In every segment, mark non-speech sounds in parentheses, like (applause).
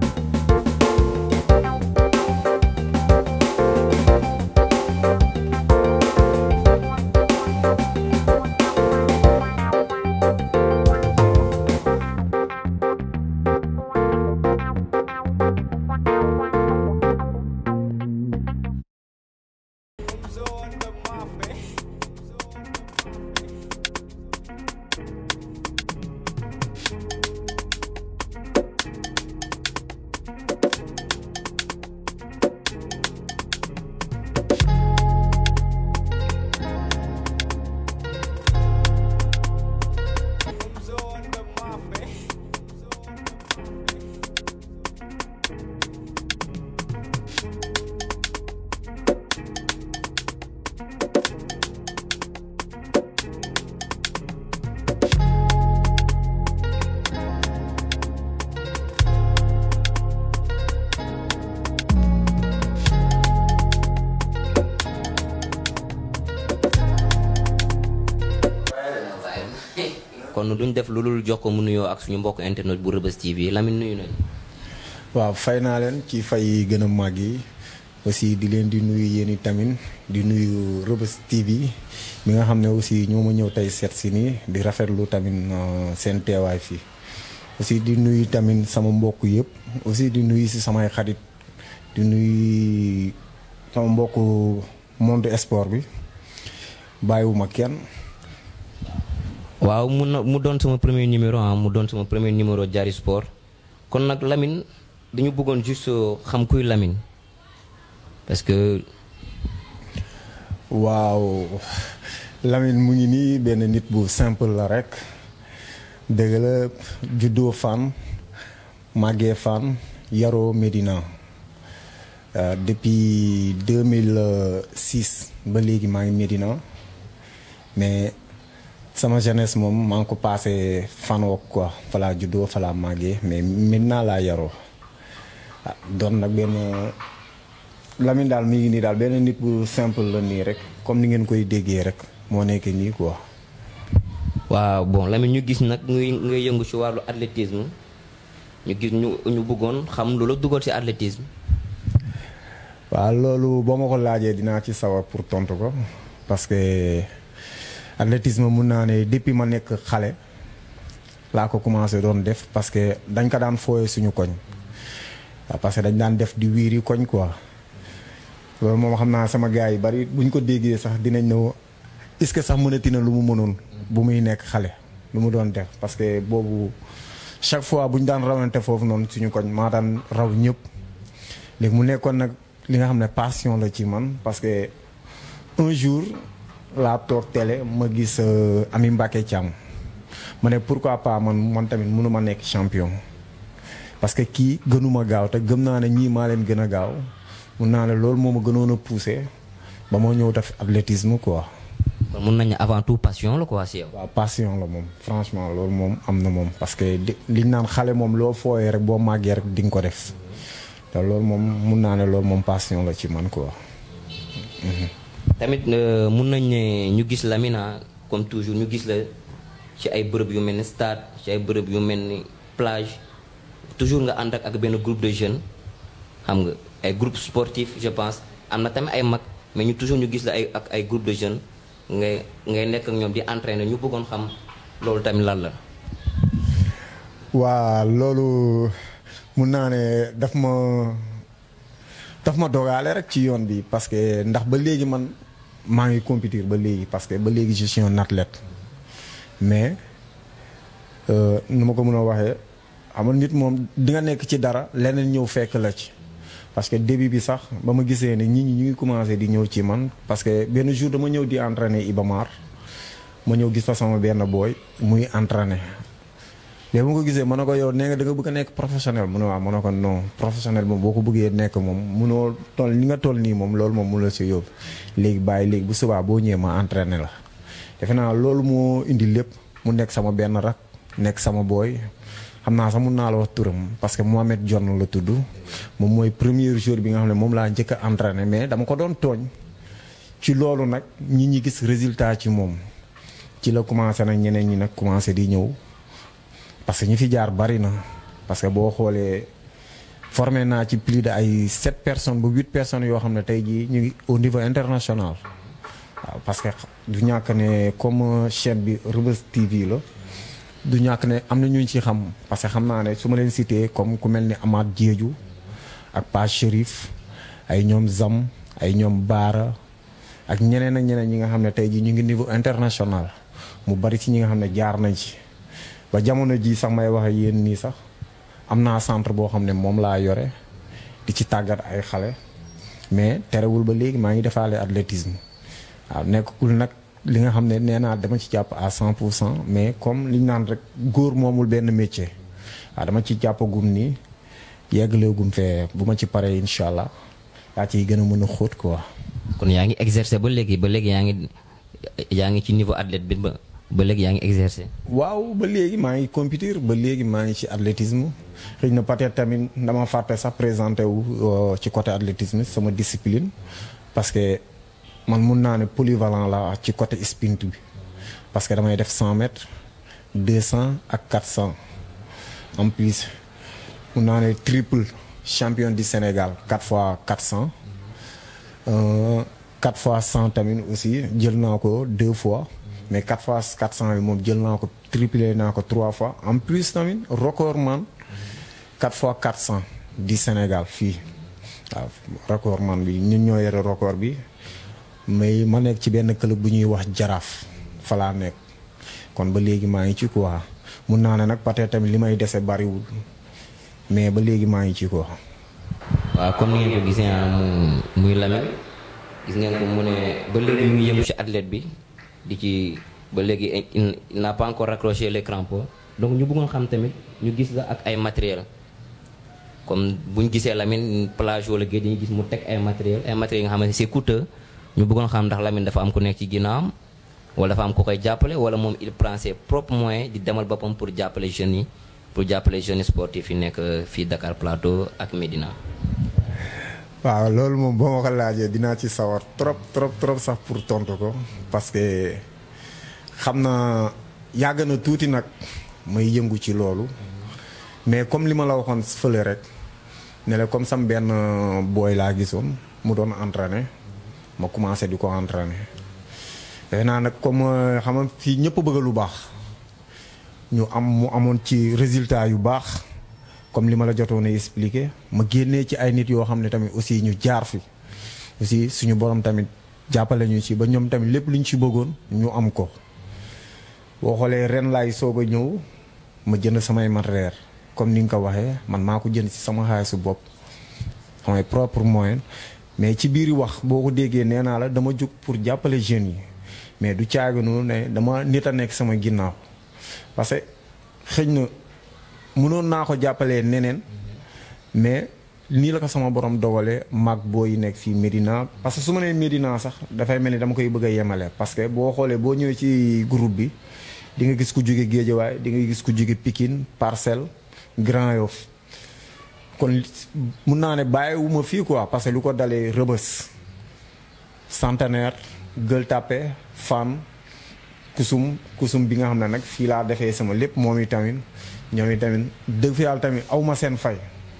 thank you def lu dul jox ko mu nuyoo ak suñu mbokk internet bu Reubeuss TV Lamine nuyu nañ waaw fay naa leen ci fay yi gën a màgg yi aussi di leen di nuyu yéen i tamit di nuyu Reubeuss TV mi nga xam ne aussi ñoo ma ñëw tey seet si nii di rafetlu tamit euh, seen teewaay fii. aussi di nuyu tamit sama mbokk yëpp aussi di nuyu si samay xarit di nuyu sama mbokk monde sport bi bàyyiwuma kenn. waaw mun na mu doon sama premier numéro ah mu doon sama premier numéro Diary Sport kon nag lamin dañu bëggoon juste xam kuy Lamine parce que. waaw Lamine mu ngi nii benn nit bu simple la rek dëgg la juddoo Fann màggee Fann yaroo Médina euh, depuis 2006 ba léegi maa ngi Médina mais. sama jeunesse moom maa ngi ko passé fan wook quoi falaa juddoo falaa màggee mais naa laa yaroo ah doon nag benn Lamine daal mi ngi nii daal benn nit bu simple la nii rek comme ni ngeen koy déggee rek moo nekkee nii quoi. waaw bon Lamine ñu gis nag ngay ngay yëngu ci wàllu athlétisme ñu gis ñu ñu buggoon xam lu la ci athlétisme. waaw loolu boo ma ko laajee dinaa ci sawar pour tontu ko parce athlétisme mun naa ne depuis ma nekk xale laa ko commencé doon def parce que dañ ko daan fooyee suñu koñ parce que dañ daan def di wiiri koñ quoi loolu moom xam naa sama gars yi bari buñ ko déggee sax dinañ ne est-ce que sax mënati na lu mu mënoon bu muy nekk xale lu mu doon def parce que boobu chaque fois bu ñu daan rawante foofu noonu suñu koñ maa daan raw ñëpp léegi mu nekkoon nag li nga xam ne passion la ci man parce que un jour laa toog télé ma gis euh, Ami Mbacké Thiam ma ne pour pourquoi pas man man tamit mënu ma nekk champion parce que kii gënuma gaaw te gëm naa ne ñii maa leen gën a gaaw mun naa ne loolu moo ma gënoon a poussé ba moo ñëw def athlétisme quoi. mun nañu avant tout passion la quoi si yow. passion la moom franchement loolu moom am na moom parce que liñ naan xale moom loo rek boo màggee rek di nga ko def te loolu moom mun naa ne loolu moom passion la ci man quoi. Mhm. tamit euh, mun nañ ne ñu gis Lamina ah, comme toujours ñu gis la ci ay bërëb yu mel ni stade ci ay bërëb yu mel ni plage toujours nga ànd ak benn groupe de jeunes xam nga ay groupe sportif je pense am na tamit ay mag mais toujours ñu gis la ay ak ay groupe de jeunes ngay ngay nekk ak ñoom di entraîner ñu bëggoon xam loolu tamit lan la. waa loolu mun naa ne daf ma daf ma dogaale rek ci yoon bi parce ndax ba léegi man. maa ngi compétir ba léegi parce que ba léegi je suis un athlète mais euh, nu ma ko mën waxee xam nga nit moom di nga nekk ci dara leneen ñëw fekk la ci. parce que début bi sax ba ma gisee ni nit ñi ñu ngi commencé di ñëw ci man parce que benn jour dama ñëw di entraîner Ibamar ma ñëw gis fa sama benn booy muy entraîner. léegi mu ko gisee mën na ko yow nee nga da nga bëgg a nekk professionnel mu ne waaw mën na ko non professionnel moom boo ko bëggee nekk moom munoo toll ni nga toll nii moom loolu moom mun la si yóbbu léegi bàyyi léegi bu subaa boo ñëwee ma la defe naa loolu moo indi lépp mu nekk sama benn rak nekk sama booy xam naa sax mun naa la wax turam parce que Mohamed John la tudd moom mooy premier jour bi nga xam ne moom laa njëkk a entraîné mais dama ko doon tooñ ci loolu nag ñi ñi gis résultat ci moom ci la commencé nag ñeneen ñi nag commencé di ñëw parce que ñi fi jaar bari na parce que boo xoolee formé naa ci plus de ay sept personnes ba huit personnes yoo xam ne tey jii ñu ngi au niveau international waaw parce que du ñàkk ne comme chaîne bi Reubeuss TV la du ñàkk ne am na ñu ci xam parce que xam naa ne su ma leen cité comme ku mel ni Amath Diédhiou ak Pa Chérif ay ñoom Zam ay ñoom Baara ak ñeneen ak ñeneen ñi nga xam ne tey jii ñu ngi niveau international mu bari ci ñi nga xam ne jaar nañ ci. ba jamono jii sax may waxee yéen nii sax am naa centre boo xam ne moom laa yore di ci tàggat ay xale mais terewul ba léegi maa ngi defaale athlétisme waaw nekkul nag li nga xam ne nee naa dama ci jàpp à 100 pour cent mais comme li naan rek góor moomul benn métier waa dama ci jàppagum nii yeggaleegum fee bu ma ci paree incha allah yaa ciy gën a mën a xóot quoi. kon yaa ngi exercer ba léegi ba léegi yaa ngi yaa ngi ci niveau athlète bi ba. ba léegi yaa ngi exercer. waaw ba léegi maa ngi compétir ba léegi maa ngi ci athlétisme xëy na peut tamit dama fàtte sax présenté wu euh, ci côté athlétisme sama discipline parce que man mun naa ne polyvalent la ci côté sprint bi parce que damay def 100 mètres 200 ak 400 en plus mun naa ne triple champion du Sénégal 4 fois 400 4 euh, fois 100 tamit aussi jël naa ko deux fois. mais quatre fois quatre cent moom jël naa ko triplé naa ko trois fois en plus tamit record man quatre fois quatre di Sénégal fii waaw record man bi ñun ñoo yore record bi mais ma nekk ci benn club bu ñuy wax jaraaf fa nekk kon ba léegi maa ngi ci quoi mun naa ne nag peut tamit li may dese bariwul mais ba léegi maa ngi ci quoi. waaw comme ni ngeen ko gisee ah, mu muy Lamine gis ngeen ko mu ne ba léegi mu ngi ci athlète bi. di ci ba léegi il n'a pas encore raccroché les crampons donc ñu bëggoon xam tamit ñu gis la ak ay matériel comme bu ñu gisee Lamine plage wala géej dañuy gis mu teg ay matériel ay matériel yi nga xamante si c'est coûteux ñu bëggoon xam ndax Lamine dafa am ku nekk ci ginnaawam wala dafa am ku koy jàppale wala moom il prend ses propres di demal boppam pour jàppale jeunes yi pour jàppale jeunes sportifs yi nekk fii Dakar Plateau ak Médina. waaw loolu moom boo ma ko laajee dinaa ci sawar trop trop trop sax pour tontu ko parce que xam naa yàgg na tuuti nag may yëngu ci loolu mais comme li ma la waxoon fële rek ne comme sam benn booy laa gisoon mu doon entraîné ma commencé di ko entraîné defe naa nag comme xam nga fii ñëpp bëgg lu baax ñu am mu amoon ci résultat yu baax comme li ma la jotoon a expliqué ma génnee ci ay nit yoo xam ne tamit aussi ñu jaar fi aussi suñu borom tamit jàppale ñu ci ba ñoom tamit lépp lu ñu ci bëggoon ñu am ko. boo xoolee ren laay soog a ñëw ma jënd samay matériel comme ni nga ko waxee man maa ko jënd ci sama su bopp samay propre moyen mais ci biir wax boo ko déggee nee naa la dama jug pour jàppale jeunes yi mais du caaginu ne dama nit a nekk sama ginnaaw parce que na mënoon naa ko jàppalee neneen mais nii la ko sama borom dogalee mag booy nekk fii Médina parce que su ma nee Médina sax dafay mel ni dama koy bëgg a yemale parce que boo xoolee boo ñëwee ci groupe bi di nga gis ku jóge Géejawaay di nga gis ku jóge Pikine Parcelles Grand Yoff kon mun naa ne bàyyiwuma fii quoi parce que lu ko dalee Rebeuss Centenaire Gueule Tapée Fann Kusum Kusum bi nga xam ne nag fii laa defee sama lépp moom itamit ñoom itamit dëgg fi yàlla tamit aw ma seen fay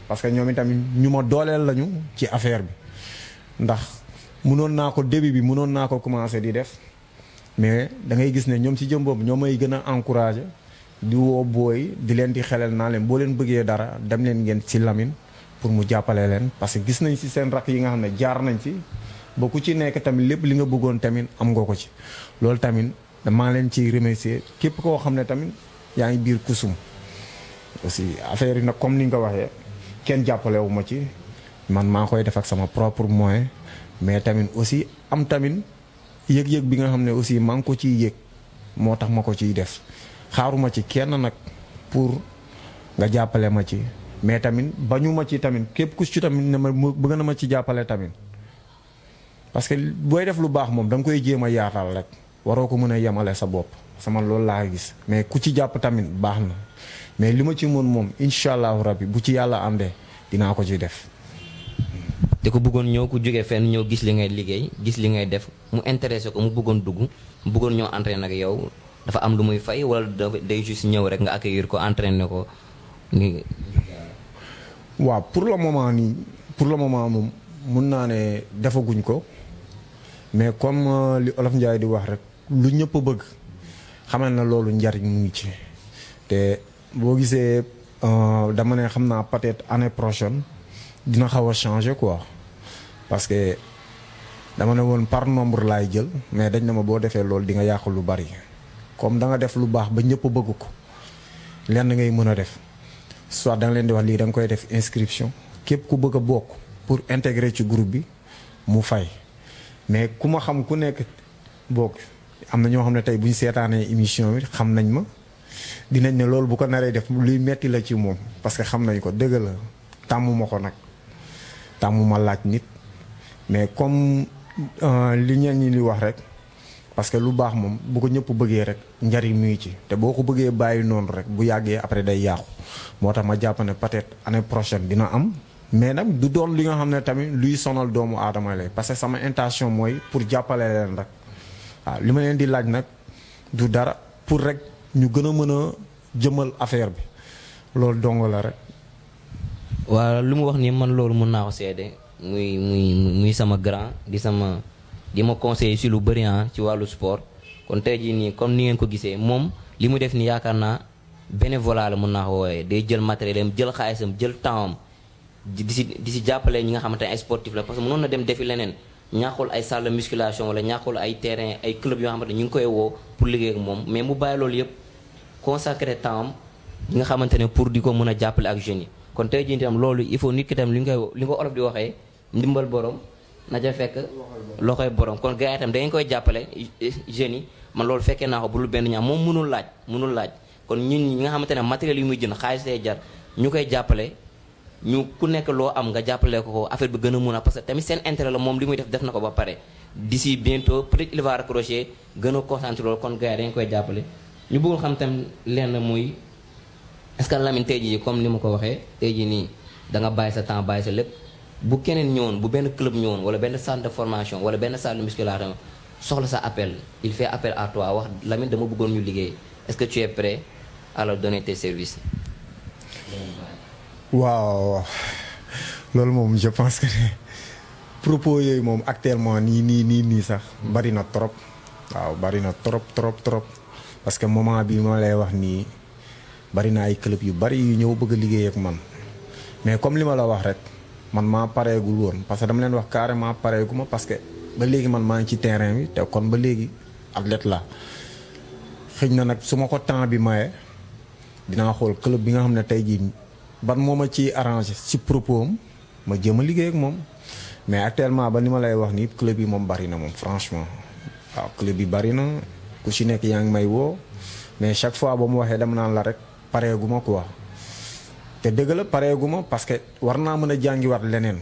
parce que ñoom itamit ñu ma dooleel lañu ci affaire bi ndax mënoon naa ko début bi mënoon naa ko commencé di def mais da ngay gis ne ñoom ci jëm boobu ñoo may gën a encouragé di woo booy di leen di xelal naa leen boo leen bëggee dara dem leen ngeen ci Lamine pour mu jàppale leen parce que gis nañ ci seen rakk yi nga xam ne jaar nañ ci ba ku ci nekk tamit lépp li nga bëggoon tamit am nga ko ci loolu tamit damaa leen ciy remercier képp koo xam ne tamit yaa ngi biir kusum aussi affaire yi nag comme ni nga ko waxee kenn jàppalewu ma ci man maa koy def ak sama propre moyen mais tamit aussi am tamit yëg-yëg bi nga xam ne aussi maa ngi ko ciy yëg moo tax ma ko ciy def xaaruma ci kenn nag pour nga jàppale ma ci mais tamit bañu ma ci tamit képp ku ci tamit ne ma bëgg na ma ci jàppale tamit parce que booy def lu baax moom da koy jéem a yaatal rek waroo ko mën a yemale sa bopp sama loolu laa gis mais ku ci jàpp tamit baax na mais li ma ci mën moom incha allahu rabbi bu ci yàlla am de dinaa ko ci def. te ko buggoon ñëw ku jóge fenn ñëw gis li ngay liggéey gis li ngay def mu intéressé ko mu bëggoon dugg mu bëggoon ñëw entraîné ak yow dafa am lu muy fay wala day juste ñëw rek nga accueillir ko entraîné ko. waaw pour le moment nii pour le moment moom mun naa ne defaguñ ko mais comme euh, li Olof Ndiaye di wax rek lu ñëpp bëgg xamal na loolu njariñ mu ci te. boo gisee euh, dama ne xam naa peut-être année prochaine dina xaw a changer quoi parce que dama ne woon par nombre laay jël mais dañ na ma boo defee loolu di nga yàq lu bari comme danga def lu baax ba ñëpp bëgg ko lenn ngay mën a def soit da leen di wax lii da nga koy def inscription képp ku bëgg a bokk pour intégrer ci groupe bi mu fay mais ku ma xam ku nekk bokk am na ñoo xam ne tey buñ ñu seetaanee émission bi xam nañ ma. dinañ ne loolu bu ko naree def luy metti la ci moom parce que xam nañ ko dëgg la tàmmuma ko nag tàmmuma laaj nit mais comme euh, li ñeen ñi li wax rek parce que lu baax moom bu ko ñëpp bëggee rek njariñ mi ngi ci te boo ko bëggee bàyyi noonu rek bu yàggee après day yàqu moo tax ma jàpp ne peut-être année prochaine dina am mais nag du doon li nga xam ne tamit luy sonal doomu aadama lay parce que sama intention mooy pour jàppale leen rek waaw li ma leen di laaj nag du dara ñu gën a mën a jëmal affaire bi loolu dong la rek. waa lu mu wax nii man loolu mën naa ko seede muy muy muy sama grand di sama di ma conseiller si lu bëri ah ci wàllu sport kon tey jii nii comme ni ngeen ko gisee moom li mu def ni yaakaar naa bénévolat la mën naa ko wooyee day jël matériel am jël xaalisam jël temps am di si di si jàppale ñi nga xamante ne ay sportif la parce que mënoon na dem defi leneen ñàkkul ay salle musculation wala ñàkkul ay terrain ay club yoo xamante ñu ngi koy woo pour liggéey ak mu bàyyi loolu yëpp. consacré temps bi nga xamante ne pour di ko mën a jàppale ak jeunes yi kon tey jii tam loolu il faut nit ki tam li nga koy li nga olof di waxee ndimbal borom na ca fekk loxoy borom kon gars tam da koy jàppale jeunes yi man loolu fekkee naa ko benn ñaar moom mënul laaj mënul laaj kon ñun ñi nga xamante ne matériel yu muy jënd xaalis lay jar ñu koy jàppale ñu ku nekk loo am nga jàppale ko affaire gën a mun a parce que tamit seen intérêt la moom li muy def def na ko ba pare d'ici bientôt peut-être gën a concentré loolu kon gars yi dañ koy jàppale ñu bëggoon xam tam lenn muy est-ce que tey jii comme ni ma ko waxee tey jii nii danga bàyyi sa temps bàyyi sa lépp bu keneen ñëwoon bu benn club ñëwoon wala benn centre formation wala benn salle de musculation soxla sa appel il fait appel à toi wax Lamine dama bëggoon ñu liggéey est-ce que tu es prêt à leur tes services. waaw loolu moom je pense que propos yooyu moom actuellement nii nii nii nii sax bari na trop waaw bari na trop trop trop. parce que moment bi ma lay wax nii bari na ay club yu bari yu ñëw bëgg a liggéey ak man mais comme li ma la wax rek man maa pareegul woon parce que dama leen wax carrément pareegu ma parce que ba léegi man maa ngi ci terrain bi te kon ba léegi athlète la xëy na nag su ma ko temps bi maye dinaa xool club bi nga xam ne tey jii ban moo ma ci arrangé si propos ma jëm a liggéey ak moom mais actuellement ba ni ma lay wax nii club yi moom bari na moom franchement waaw club yi bari na. ku ci nekk yaa ngi may woo mais chaque fois ba mu waxee dama naan la rek pareegu ma wax te dëgg la pareegu ma parce que war naa mën a jàngiwaat leneen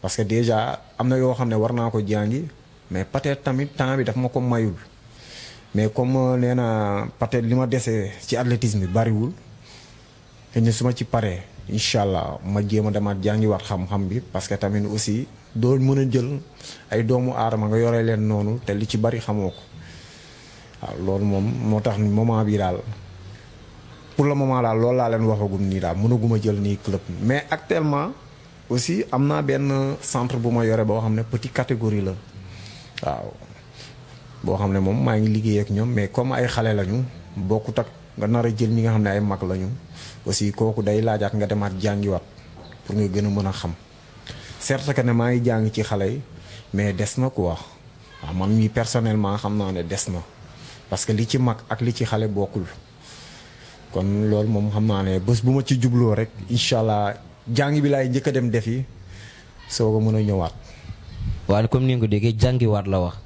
parce que déjà am na yoo xam ne war naa ko jàngi mais peut-être tamit temps bi daf ma ko mayul mais comme euh, nee na li ma desee ci athlétisme bi bariwul te su ma ci paree incha allah ma jéem a demaat jàngiwaat xam-xam bi parce que tamit aussi doo mën a jël ay doomu aadama nga yore leen noonu te li ci bari xamoo ko. waaw loolu moom moo tax ni moment bi daal pour le moment daal loolu laa leen waxagum nii daal mënaguma jël nii club mais actuellement aussi am naa benn centre bu ma yore boo xam ne petit catégorie la waaw boo xam ne moom maa ngi liggéey ñoom mais comme ay xale lañu bokkut ak nga nar a jël ñi nga xam ne ay mag lañu aussi kooku day laajaat nga demaat jàngiwaat pour nga gën a mën a xam certes que ne maa ngi jàng ci xale yi mais des na quoi waaw man mii personnellement xam naa ne des na. parce que li ci mag ak li ci xale bokkul kon loolu moom xam naa ne bés bu ma ci jubloo rek incha allah jàngi bi laay njëkk a dem defi soo ko mën a ñëwaat. waaye comme ni nga ko déggee jàngiwaat la wax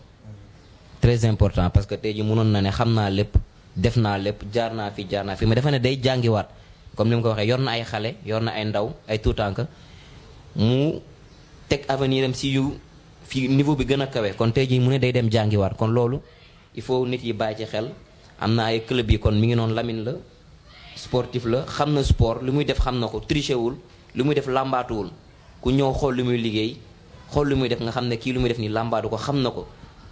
tres important parce que tey ji mënoon na ne xam naa lépp def naa lépp jaar naa fi jaar naa fi ma dafa ne day jàngiwaat comme ni mu ko waxee yor na ay xale yor na ay ndaw ay tuutànk mu teg avenir am si yu fi niveau bi gën a kawe kon tey ji mu ne day dem jàngiwaat kon loolu. il faut nit yi bàyyi ci xel am na ay club yi kon mi ngi noonu Lamine la sportif la xam na sport lu muy def xam na ko triché wul lu muy def làmbaatuwul ku ñëw xool li muy liggéey xool li muy def nga xam ne kii lu muy def nii làmbaatu ko xam na ko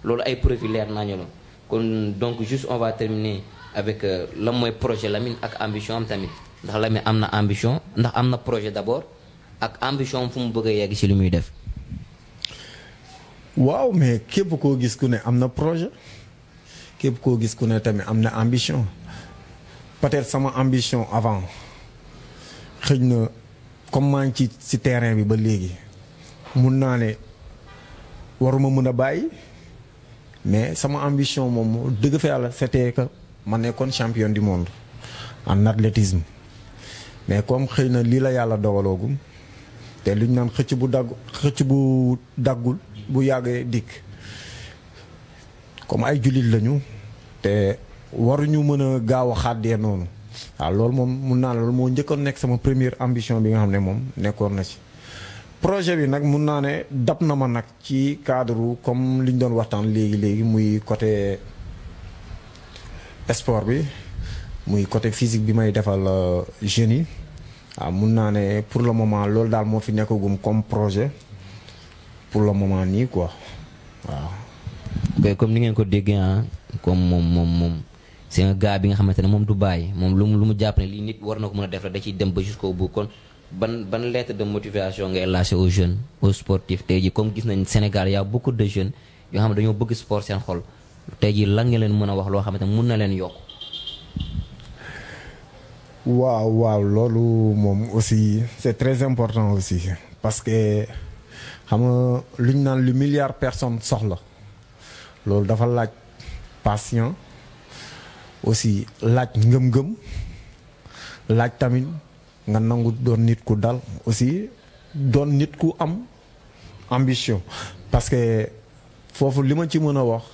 loolu ay profil nañu la kon donc juste on va terminer avec euh, lan mooy projet Lamine ak ambition am tamit ndax Lamine am na ambition ndax am na projet d'abord ak ambition fu mu bëgg a yegg ci lu muy def. waaw mais képp koo gis ku ne am na projet. képp koo gis ku ne tamit am na ambition peut-être sama ambition avant xëj na comme maa ngi ci ci terrain bi ba léegi mun naa ne waruma mën a bàyyi mais sama ambition moom dëgg fa yàlla c'était que ma nekkoon champion du monde en athlétisme mais comme xëy na lii la yàlla dogaloogum te luñ naan xëcc bu dagg xëcc bu daggul bu yàggee dikk comme ay jullit lañu te waruñu mën a gaaw a xàddee noonu waaw loolu moom mun naa loolu moo njëkkoon nekk sama première ambition bi nga xam ne moom nekkoon na ci. projet bi nag mun naa ne dab na ma nag ci cadre comme li doon waxtaan léegi léegi muy côté sport bi muy côté physique bi may defal euh, jeunes yi waaw mun naa ne pour le moment loolu daal moo fi nekkagum comme projet pour le moment nii ko waaw. mais comme ni ngeen ko déggee ah comme moom moom moom c'est un gars bi nga xamante ne moom du bàyyi moom lu mu lu mu jàpp ne lii nit war na ko mën a def la da ciy dem ba jusqu'au bout kon ban ban lettre de motivation ngay lâché aux jeunes aux sportifs tey jii comme gis nañ Sénégal y a beaucoup de jeunes yoo xam ne dañoo bëgg sport seen xol tey jii lan nga leen mën a wax loo xam ne mun na leen yokk. waaw waaw loolu moom aussi c'est très important aussi parce que xam nga lu ñu naan lu milliard personnes soxla. loolu dafa laaj patient aussi laaj ngëm-ngëm laaj tamit nga nangu doon nit ku dal aussi doon nit ku am ambition parce que foofu li ma ci mën a wax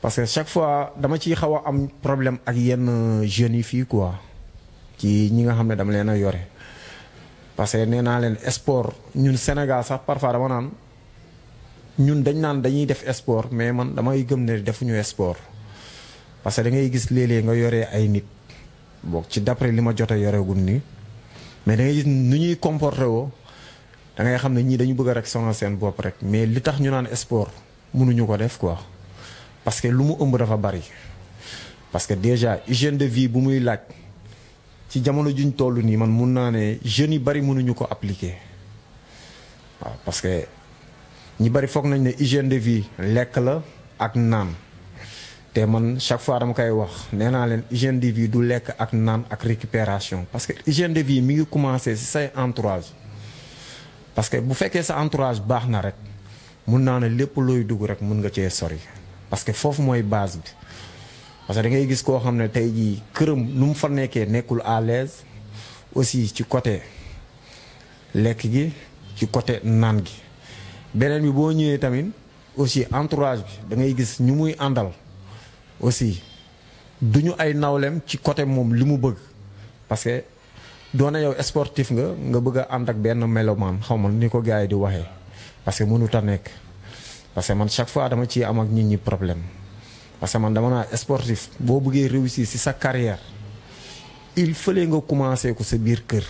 parce que chaque fois dama ciy xaw a am problème ak yenn jeunes yi fii quoi ci ñi nga xam ne dama leen a yore parce que nee naa leen sport ñun Sénégal sax parfois dama naan ñun dañ naan dañuy def sport mais man damay gëm ne defuñu sport parce que da ngay gis léeg-léeg nga yore ay nit boog ci d'après li ma jot a yoreegul nii mais da ngay gis nu ñuy comporté woo da ngay xam ne ñii dañu bëgg rek sonal seen bopp rek mais li tax ñu naan sport mënuñu ko def quoi parce que lu mu ëmb dafa bari parce que déjà hygiène de vie bu muy laaj ci jamono juñ toll nii man mun naa ne jeunes yi bari mënuñu ko appliquer waaw parce ñu bari foog nañ ne hygiène de vie lekk la ak naan te man chaque fois dama koy wax nee naa leen hygiène de vie du lekk ak naan ak récupération parce que hygiène de vie mi ngi commencé si say entourage parce que bu fekkee sa entourage baax na rek mun naa ne lépp looy dugg rek mun nga cee sori parce que foofu mooy base bi parce que da ngay gis koo xam ne tey jii këram nu mu fa nekkee nekkul à l'aise aussi ci côté lekk gi ci côté naan gi. beneen bi boo ñëwee tamit aussi entourage bi da ngay gis ñu muy àndal aussi du ñu ay nawleem ci côté moom li mu bëgg parce que doona yow sportif nga nga bëgg a ànd ak benn melomaan xaw ma ni ko gars yi di waxee parce que mënut nekk parce que man chaque fois dama ciy am ak nit ñi problème parce que man dama naa sportif boo bëggee réussir si sa carrière il fallait nga commencé ko sa biir kër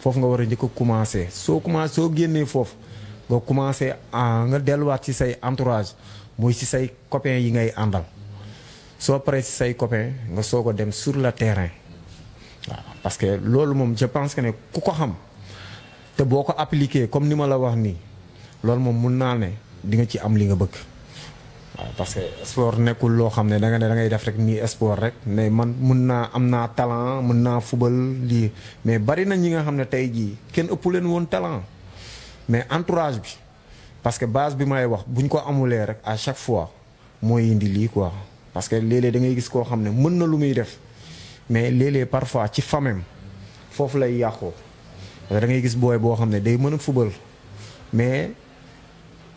foofu nga war a njëkk a commencé soo commencé soo génnee foofu nga commencé ah, nga delluwaat ci say entourage muy si say copain yi ngay àndal soo paree ci say copain nga soog a dem sur le terrain waaw parce que loolu moom je pense ne ku ko xam te boo ko appliqué comme ni ma la wax nii loolu moom mun naa ne di nga ci am li nga bëgg waaw parce que sport nekkul loo xam ne da nga ne da def rek nii espoor rek ne man mun naa am naa talent mun naa fubal lii mais bari na ñi nga xam ne tey jii kenn ëpp leen woon talent. mais entourage bi parce que base bi may wax bu ñu ko amulee rek à chaque fois mooy indi lii quoi parce que léeg-léeg da ngay gis koo xam ne mën na lu muy def mais léeg-léeg parfois ci famem foofu lay yàqoo da ngay gis booy boo xam ne day mën a fubal mais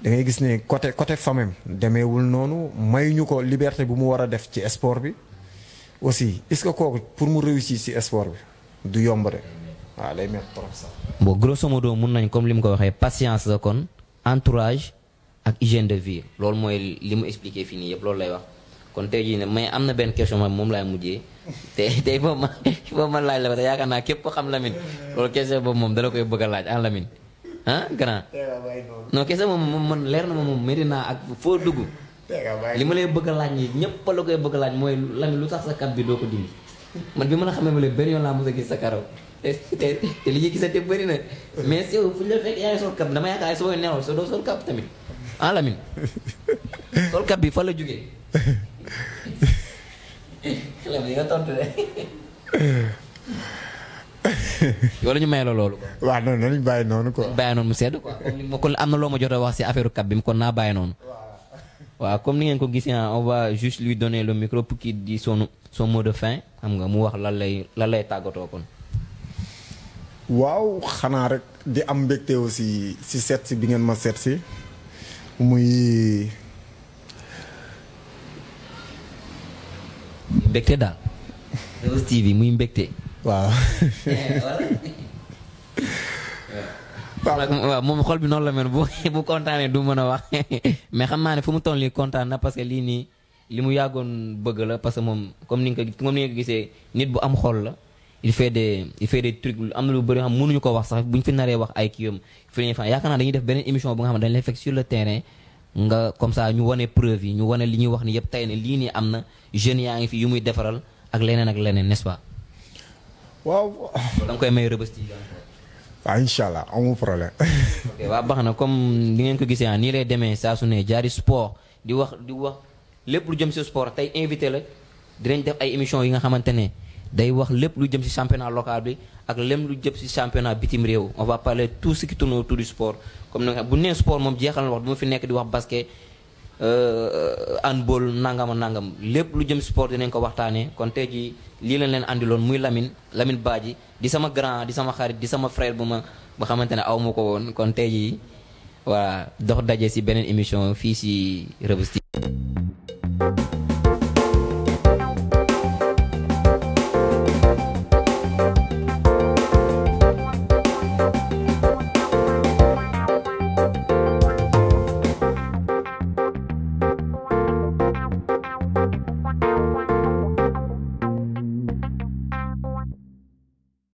da ngay gis ne côté côté famem demeewul noonu mayuñu ko liberté bu mu war a def ci sport bi aussi est-ce que kooku pour mu réussir ci sport bi du yomb waa day métti trop sax. bon grosso mun nañ comme li mu ko waxee patience la kon entourage ak hygiène de vie loolu mooy li mu expliqué fii nii yëpp loolu lay wax kon tey jii ne mais am na benn question ma moom laay mujjee te tey boobu ma (laughs) ma laaj la ba te naa képp ko xam Lamine loolu boobu moom dala koy bëgg a laaj ah Lamine ah grand. non moom moom man leer na ma moom métti naa ak foo dugg. li ma lay bëgg a laaj ñëpp la bëgg laaj mooy Lamine lu tax sa kat bi doo ko dindi man bi mën a xam ma ne benn yoon laa mos a gis sa karaw. te te li ñuy gisante na mais si fekk yaa ngi sol cap dama yaakaar soo neexoon soo doo sol cap tamit ah Lamine (laughs) sol cap bi fa la jógee (laughs) Lamine (laughs) ñu may la loolu. waaw non non ñu bàyyi noonu quoi. bàyyi noonu mu sedd quoi kon am na loo ma jot wax si affaire cap bi kon naa bàyyi noonu. waaw comme ni ngeen ko gis ah, on va juste lui donner le micro pour qu'il son mot de fin xam nga mu wax lan lay lan lay tàggatoo kon. waaw xanaa rek di am mbégte aussi si seet si bi ngeen ma seet si muy. mbégte daal. Reuz TV muy mbégte. (laughs) waaw. waaw moom xol bi noonu la mel bu bu kontaanee du mën a wax (laughs) mais xam naa ne fu mu toll nii kontaan na parce que lii nii li mu yàggoon bëgg la parce que moom comme ni nga ko comme ni nga ko gisee nit bu am xol la. il fait des il am na lu bëri xam mënuñu ko wax sax bu ñu fi naree wax ay kii yam fi lañuy fan def beneen émission bu nga xam ne dañ ñu wane preuve yi ñu wane li ñuy wax ni yëpp tey ne lii nii am na jeunes yaa ngi fi yu muy defaral ak leneen ak leneen n'est-ce pas. waaw. da nga koy may rëbës ci. waaw incha allah amul problème. (laughs) ok waa baax na comme li ngeen ko gisee ah nii lay demee saa su ne jaari sport di wax di wax lépp lu jëm si sport tey invité la dinañ def ay émissions yi nga xamante ne. day wax lépp lu jëm ci championnat local bi ak lépp lu jëm ci championnat bitim réew on va parler tout ce qui tourne autour du sport comme nag bu nee sport moom jeexal na wax du ma fi nekk di wax basket euh, handball nangam a nangam lépp lu jëm sport dinañ ko waxtaanee kon tey jii lii lañ leen andiloon muy lamin Lamine Lamine Badji di sama grand di sama xarit di sama frère bu ma ba xamante ne aw ko woon kon tey jii waa dox daje ci beneen émission fii ci Reubeuss